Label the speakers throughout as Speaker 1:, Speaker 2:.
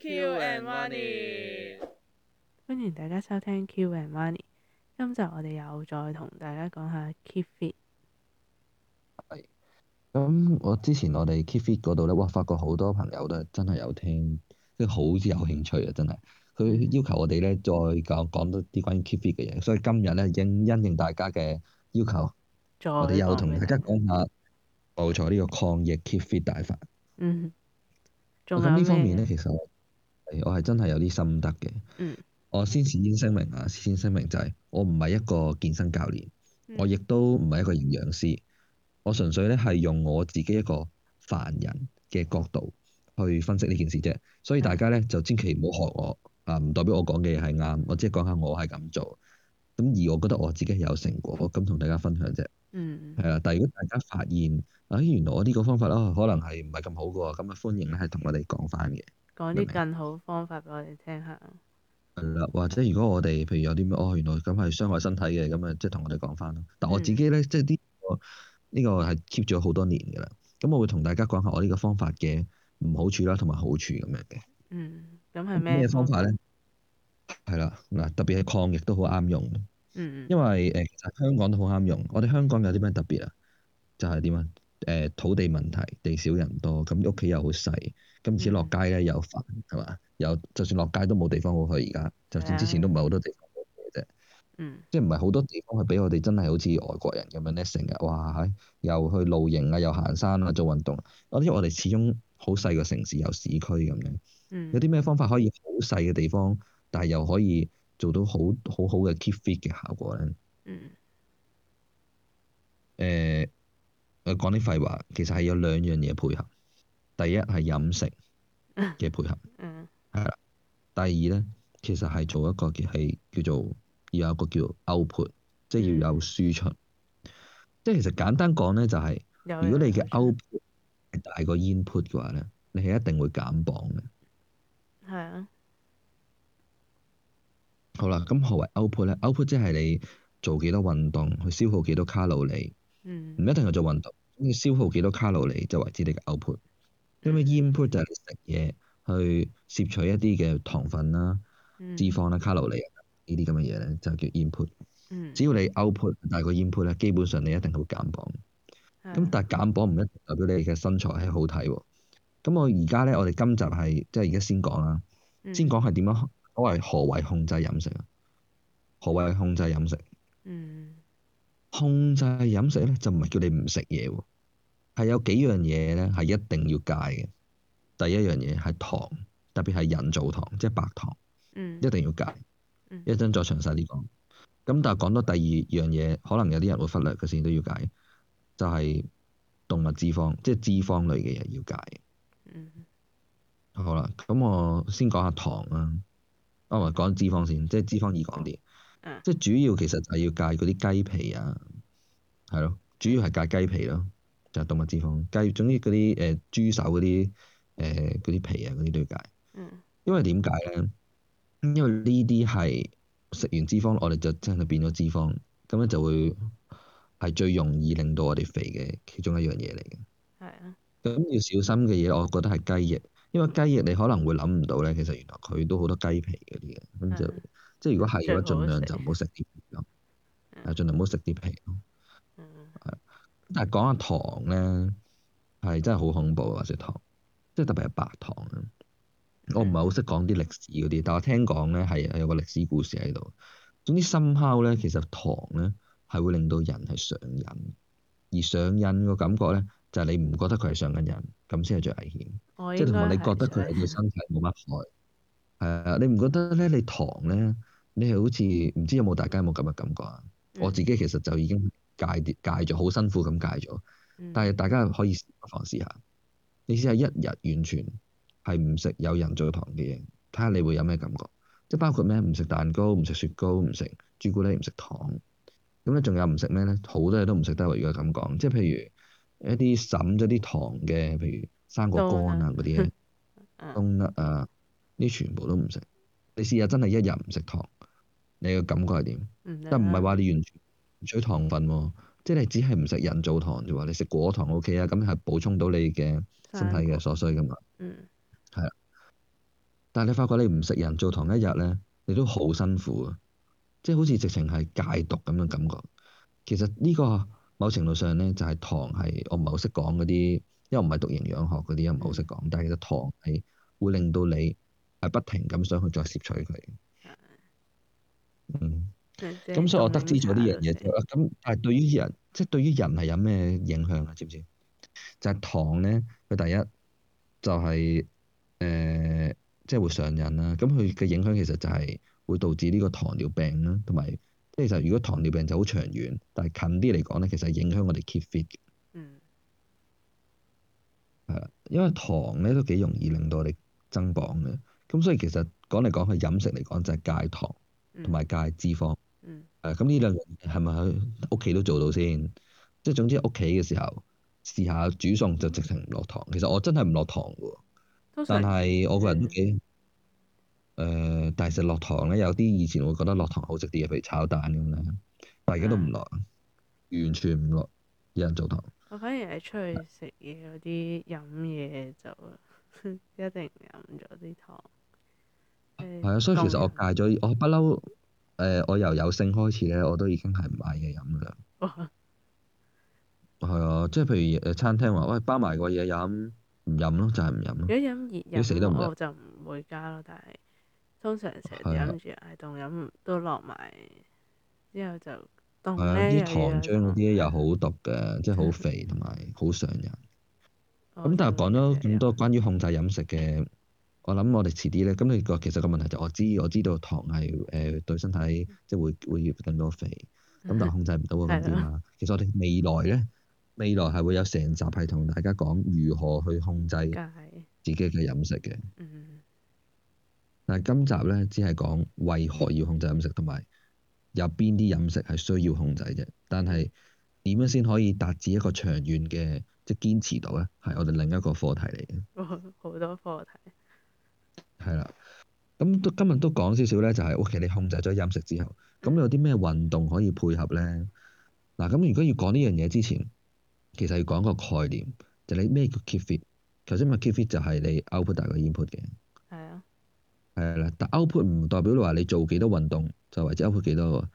Speaker 1: 歡迎大家收聽 Q and Money。Oney, 今集我哋又再同大家講下 Keep Fit。咁、嗯、我之前我哋 Keep Fit 嗰度呢，哇！發覺好多朋友都真係有聽，即係好似有興趣啊，真係。佢要求我哋呢再講講多啲關於 Keep Fit 嘅嘢，所以今日呢，應因應大家嘅要求，再講 我哋們又同大家講下冇錯呢個抗疫 Keep Fit 大法。嗯。咁呢方面呢，其實我係真係有啲心得嘅。Mm. 我先事先聲明啊，先聲明就係我唔係一個健身教練，mm. 我亦都唔係一個營養師。我純粹咧係用我自己一個凡人嘅角度去分析呢件事啫。所以大家咧就千祈唔好學我啊，唔代表我講嘅嘢係啱。我只係講下我係咁做，咁而我覺得我自己有成果，咁同大家分享啫。係啦、mm.，但係如果大家發現，哎，原來我呢個方法哦，可能係唔係咁好嘅喎，咁啊歡迎咧係同我哋講翻嘅。講啲更好方法俾我哋聽下。係啦，或者如果我哋譬如有啲咩哦，原來咁係傷害身體嘅，咁啊即係同我哋講翻咯。但我自己咧，嗯、即係、呢個、呢個呢、呢個係 keep 咗好多年嘅啦。咁我會同大家講下我呢個方法嘅唔好處啦，同埋好處咁樣嘅。嗯，咁係咩方法咧？係啦，嗱，特別係抗疫都好啱用。嗯嗯。因為誒，其實香港都好啱用。我哋香港有啲咩特別啊？就係點啊？土地問題，地少人多，咁屋企又好細，今次落街咧又煩，係嘛、mm.？又就算落街都冇地，Yeah. 地方好去而家，就算之前都唔係好多地方好去嘅啫，即係唔係好多地方係俾我哋真係好似外國人咁樣咧成日哇嗨，又去露營啊，又行山啊，做運動。我因為我哋始終好細個城市有市區咁樣，mm. 有啲咩方法可以好細嘅地方，但係又可以做到好好好嘅 keep fit 嘅效果咧？嗯、mm. 呃，我講啲廢話，其實係有兩樣嘢配合。第一係飲食嘅配合，係啦、 嗯。第二呢，其實係做一個叫係叫做要有一個叫 output，即係要有輸出。嗯、即係其實簡單講呢，就係、是、如果你嘅 output 係大過 input 嘅話呢，你係一定會減磅嘅。係啊、嗯。好啦，咁何為 output 呢 output 即係你做幾多運動，去消耗幾多卡路里。唔一定係做運動。消耗幾多卡路里就為之你嘅 output 因為 input 就係食嘢去攝取一啲嘅糖分啦、啊、mm. 脂肪啦、啊、卡路里、啊、呢啲咁嘅嘢咧就叫 input。Mm. 只要你 output 大過 input 咧，基本上你一定會減磅。咁 Yeah. 但係減磅唔一定代表你嘅身材係好睇喎。咁我而家咧，我哋今集係即係而家先講啦，mm. 先講係點樣？何為何為控制飲食啊？何為控制飲食？控制飲食咧就唔係叫你唔食嘢喎，係有幾樣嘢咧係一定要戒嘅。第一樣嘢係糖，特別係人造糖，即係白糖，一定要戒。一陣、嗯嗯、再詳細啲講。咁但係講到第二樣嘢，可能有啲人會忽略嘅事都要戒，就係、是、動物脂肪，即係脂肪類嘅嘢要戒。嗯。好啦，咁我先講下糖啊。啊、啊、唔係講脂肪先，即係脂肪易講啲。即係主要其實就係要戒嗰啲雞皮啊，係咯，主要係戒雞皮咯，就係、是、動物脂肪，雞總之嗰啲誒豬手嗰啲誒，嗰啲皮啊，嗰啲都要戒。因為點解咧？因為呢啲係食完脂肪，我哋就真係變咗脂肪，咁樣就會係最容易令到我哋肥嘅其中一樣嘢嚟嘅。係啊。咁要小心嘅嘢，我覺得係雞翼，因為雞翼你可能會諗唔到咧，其實原來佢都好多雞皮嗰啲嘅，咁就。即係如果係嘅話，儘量就唔好食啲皮咯，啊、嗯，盡量唔好食啲皮咯。但係講下糖咧，係真係好恐怖啊！話食糖，即係特別係白糖啊。我唔係好識講啲歷史嗰啲，但係我聽講咧係有個歷史故事喺度。總之深究咧，其實糖咧係會令到人係上癮，而上癮個感覺咧就係、是、你唔覺得佢係上緊癮，咁先係最危險。即係同埋你覺得佢係對身體冇乜害。係、啊、你唔覺得咧？你糖咧，你係好似唔知有冇大家有冇咁嘅感覺啊？嗯、我自己其實就已經戒戒咗，好辛苦咁戒咗。嗯、但係大家可以不妨試下，你試下一日完全係唔食有人做糖嘅嘢，睇下你會有咩感覺。即係包括咩？唔食蛋糕，唔食雪糕，唔食朱古力，唔食糖。咁咧仲有唔食咩咧？好多嘢都唔食得喎。如果咁講，即係譬如一啲滲咗啲糖嘅，譬如生果乾啊嗰啲，冬甩啊。東 你全部都唔食，你試下真係一日唔食糖，你嘅感覺係點？Mm hmm. 但唔係話你完全唔取糖分喎？即係你只係唔食人造糖就話你食果糖 OK 啊？咁係補充到你嘅身體嘅所需噶嘛？嗯，係啊。但係你發覺你唔食人造糖一日呢，你都好辛苦啊！即係好似直情係戒毒咁嘅感覺。Mm hmm. 其實呢個某程度上呢，就係糖係我唔係好識講嗰啲，因為唔係讀營養學嗰啲，又唔係好識講，但係其實糖係會令到你，係不停咁想去再攝取佢，嗯，咁，嗯，所以我得知咗呢樣嘢之後咧，咁但係對於人，即係對於人係有咩影響啊？知唔知就係糖咧？佢第一就係誒，即係會上癮啦。咁佢嘅影響其實就係會導致呢個糖尿病啦，同埋即係其實如果糖尿病就好長遠，但係近啲嚟講咧，其實係影響我哋 keep fit。嗯，係，因為糖咧都幾容易令到我哋增磅嘅。咁所以其實講嚟講，去，飲食嚟講就係戒糖同埋戒脂肪。咁呢、嗯嗯啊、兩樣係咪喺屋企都做到先？即係總之屋企嘅時候試下煮餸就直情唔落糖。其實我真係唔落糖嘅，但係我個人都幾誒、呃。但係食落糖咧，有啲以前會覺得落糖好食啲嘢，譬如炒蛋咁樣，但而家都唔落，完全唔落，有人做糖。的糖我反而係出去食嘢嗰啲飲嘢就的 一定飲咗啲糖。係啊，嗯、所以其實我戒咗，我不嬲誒，我由有性開始咧，我都已經係唔買嘢飲嘞。係啊、哦 嗯，即係譬如誒餐廳話：喂，包埋個嘢飲，唔飲咯，就係唔飲咯。如果飲熱飲，死都唔會我就唔會加咯。但係通常成日忍唔住，凍飲、嗯、都落埋，之後就凍。係啊，啲、嗯、糖漿嗰啲又好毒嘅，嗯嗯、即係好肥同埋好上癮。咁、嗯、但係講咗咁多關於控制飲食嘅。我諗我哋遲啲咧，咁你個其實個問題就我知，我知道糖係誒、呃、對身體即係會會更多肥，咁但控制唔到喎咁點啊？ 了其實我哋未來咧，未來係會有成集係同大家講如何去控制自己嘅飲食嘅。嗯、但係今集咧，只係講為何要控制飲食，同埋有邊啲飲食係需要控制嘅？但係點樣先可以達至一個長遠嘅即係堅持到咧？係我哋另一個課題嚟嘅。好 多課題。咁都今日都講少少咧，就係 OK，你控制咗飲食之後，咁有啲咩運動可以配合咧？嗱，咁如果要講呢樣嘢之前，其實要講個概念，就係、你咩叫 keep fit。頭先咪 keep fit 就係你 output 大過 input 嘅，係啊，係啦，但 output 唔代表你話你做幾多運動就為之 output 幾多喎。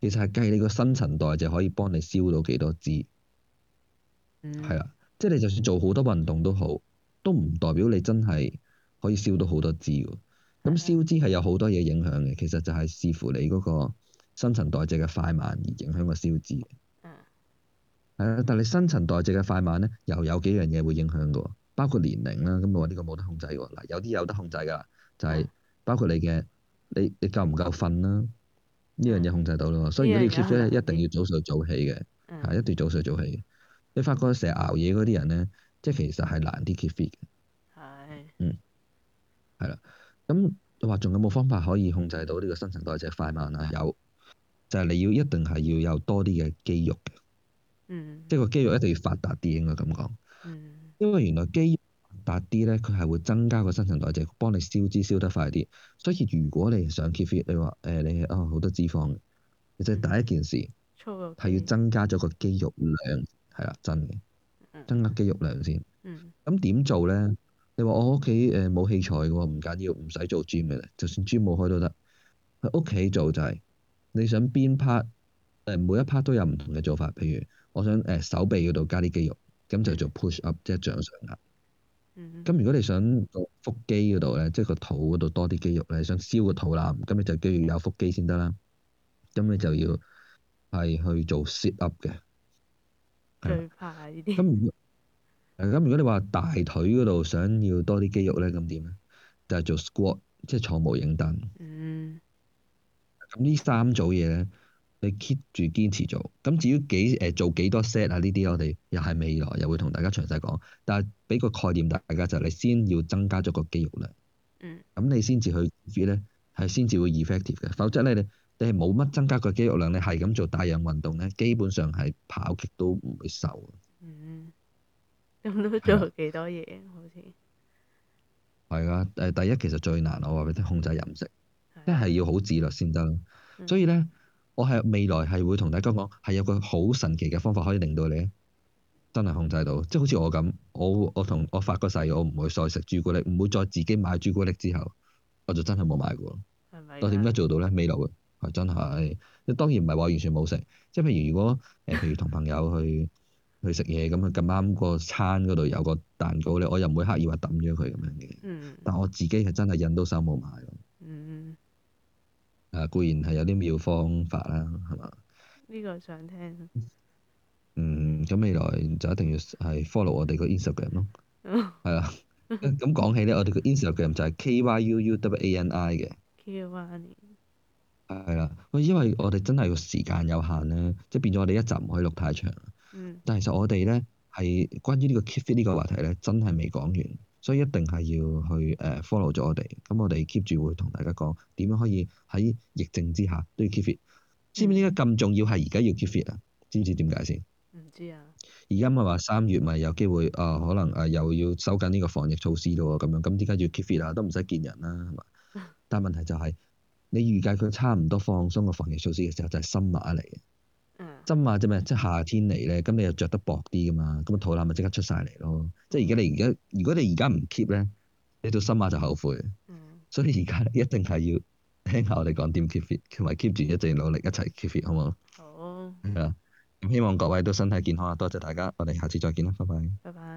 Speaker 1: 其實係計你個新陳代謝可以幫你燒到幾多脂、嗯。係啊，即、就、係、係、你就算做好多運動都好，都唔代表你真係可以燒到好多脂喎。咁消脂係有好多嘢影響嘅，其實就係視乎你嗰個新陳代謝嘅快慢而影響個消脂。嗯。係啊，但係你新陳代謝嘅快慢咧，又有幾樣嘢會影響嘅喎，包括年齡啦、啊。咁我話呢個冇得控制喎。嗱，有啲有得控制㗎，就係、是、包括你嘅你你夠唔夠瞓啦、啊？呢樣嘢控制到咯。嗯、所以如果你 keep fit 咧，一定要早睡早起嘅，係一定要早睡早起。你發覺成日熬夜嗰啲人咧，即係其實係難啲 keep fit 嘅。係。嗯。係啦。咁你話仲有冇方法可以控制到呢個新陳代謝快慢啊？有，就係、是、你要一定係要有多啲嘅肌肉嘅，即係個肌肉一定要發達啲，應該咁講，嗯、因為原來肌肉發達啲咧，佢係會增加個新陳代謝，幫你消脂消得快啲。所以如果你想 keep fit，你話誒、欸、你啊好、哦、多脂肪，你就第一件事係、嗯、要增加咗個肌肉量，係啦，真嘅，增加肌肉量先，嗯，咁、嗯、點做咧？你話我屋企誒冇器材嘅喎，唔緊要，唔使做 gym 嘅啦，就算 gym 冇開都得。喺屋企做就係、是、你想邊 part 誒，每一 part 都有唔同嘅做法。譬如我想誒手臂嗰度加啲肌肉，咁就做 push up、嗯、即係掌上，上壓。嗯。咁如果你想做腹肌嗰度咧，即係個肚嗰度多啲肌肉咧，你想燒個肚腩，咁你就叫要有腹肌先得啦。咁你就要係去做 sit up 嘅。最怕呢啲。咁。嗯誒咁，如果你話大腿嗰度想要多啲肌肉咧，咁點咧？就係、是、做 squat，即係坐無影凳。嗯。咁呢三組嘢咧，你 keep 住堅持做。咁至於幾誒、呃、做幾多 set 啊？呢啲我哋又係未來又會同大家詳細講。但係俾個概念大家就係、是、你先要增加咗個肌肉量。嗯。咁你先至去 fit 咧，係先至會 effective 嘅。否則咧，你你係冇乜增加個肌肉量，你係咁做帶氧運動咧，基本上係跑極都唔會瘦。咁都做幾多嘢？的好似係啦。誒，第一其實最難，我話俾你聽，控制飲食，即係的要好自律先得。嗯、所以咧，我係未來係會同大家講，係有個好神奇嘅方法可以令到你真係控制到。即係好似我咁，我我同我發個誓，我唔會再食朱古力，唔會再自己買朱古力之後，我就真係冇買過。係咪的？我點解做到咧？未來會係真係。你、哎、當然唔係話完全冇食，即係譬如如果誒，譬如同朋友去。 去食嘢咁，佢咁啱個餐嗰度有個蛋糕咧，我又唔會刻意話抌咗佢咁樣嘅。嗯、但我自己係真係忍到手冒汗咯。嗯。固然係有啲妙方法啦，係嘛？呢個想聽嗯。咁，未來就一定要係 follow 我哋個 Instagram 咯。係啊。 咁講起咧，我哋個 Instagram 就係 K Y U U W A N I 嘅。K Y U。係啦。喂，因為我哋真係個時間有限咧、啊，即、就、係、是、變咗我哋一集唔可以錄太長。但係其實我哋咧係關於呢個 keep fit 呢個話題咧，真係未講完，所以一定係要去誒 follow 咗我哋。咁我哋 keep 住會同大家講點樣可以喺疫症之下都要 keep fit。知唔知點解咁重要係而家要 keep fit 啊？知唔知點解先？唔知啊。而家咪話三月咪有機會啊、哦，可能誒又要收緊呢個防疫措施咯咁樣。咁點解要 keep fit 啊？都唔使見人啦，係嘛？ 但係問題就係、係、你預計佢差唔多放鬆個防疫措施嘅時候，就係深一嚟嘅。深夏啫嘛，即係夏天嚟咧，咁你又着得薄啲噶嘛，咁個肚腩咪即刻出晒嚟咯。即係而家你而家，如果你而家唔 keep 咧，你到深夏就後悔。嗯、所以而家咧一定係要聽下我哋講點 keep fit，同埋 keep 住一直努力一齊 keep fit，好唔好？好。係啊，咁希望各位都身體健康啊！多謝大家，我哋下次再見啦，拜拜。拜拜。